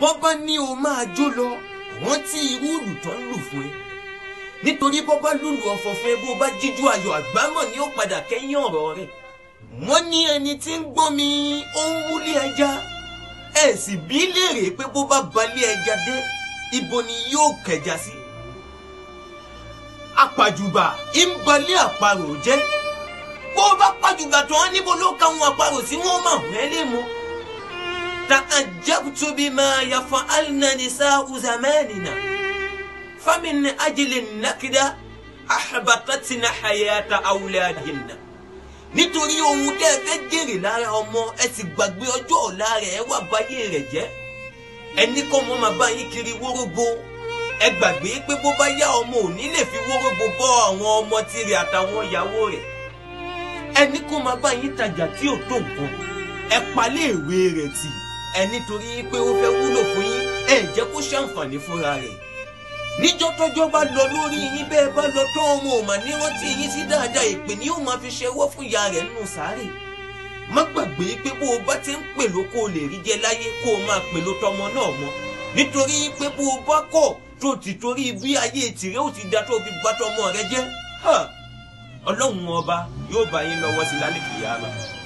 bọ́bá ní o máa jó lọ rántí irú ìlù tó ń lù fún ẹ nítorí bọ́bá lùlù ọ̀fọ̀ fún bó bá jíjú ayọ̀ àgbámọ̀ ni ó padà kẹ́yìn ọ̀rọ̀ rẹ̀ wọ́n ní ẹni tí ń gbọ́mi ó ń wúlé ẹja ẹ sì bí léèrè pé bó bá balẹ̀ ẹja dé ibo ni yóò kẹja sí apàjùbà ń balẹ̀ àparò jẹ́ bó bá pàjùbà tán níbo ló ka àparò sí wọn máa wẹ́lẹ́ mọ́. تعجبت بما يفعلن نساء زماننا فمن أجل النكدة أحبطتنا حياة أولادهن nítorí ohun tẹ́ ẹ fẹ́ jèrè lára ọmọ ẹ sì gbàgbé ọjọ́ ọ̀la rẹ̀ ẹ wá báyé rẹ̀ jẹ́ ẹni kọ́ ọmọ máa bá yín kiri wórógbó ẹ gbàgbé pé bó bá yá ọmọ ò lè fi wórógbó àwọn ọmọ tirẹ̀ àtàwọn ìyàwó rẹ̀ ẹni kọ́ máa bá yín tajà tí ẹ ẹ nítorí pé ó fẹ́ wúlò fún yín ẹ jẹ́ kó ṣàǹfààní fúnra rẹ̀ níjọ́ tọ́jọ́ bá lọ lórí yín bẹ́ẹ̀ bá lọ tán ọmọ òmà nírántí yín sí dáadáa ìpè ni yóò fi ṣẹwọ́ fún ìyá rẹ̀ nínú sáré má gbàgbé pé bó o bá ti ń pè ló kó o lè rí jẹ láyé kó o máa pè ló tọmọ náà mọ́ nítorí pé bó o bá kọ̀ tó ti torí bí ayé tìrẹ ò ti da tó fi bá tọmọ rẹ jẹ́ ọlọ́run ọba yóò bá yín lọ́wọ́ sí lálẹ́ kìí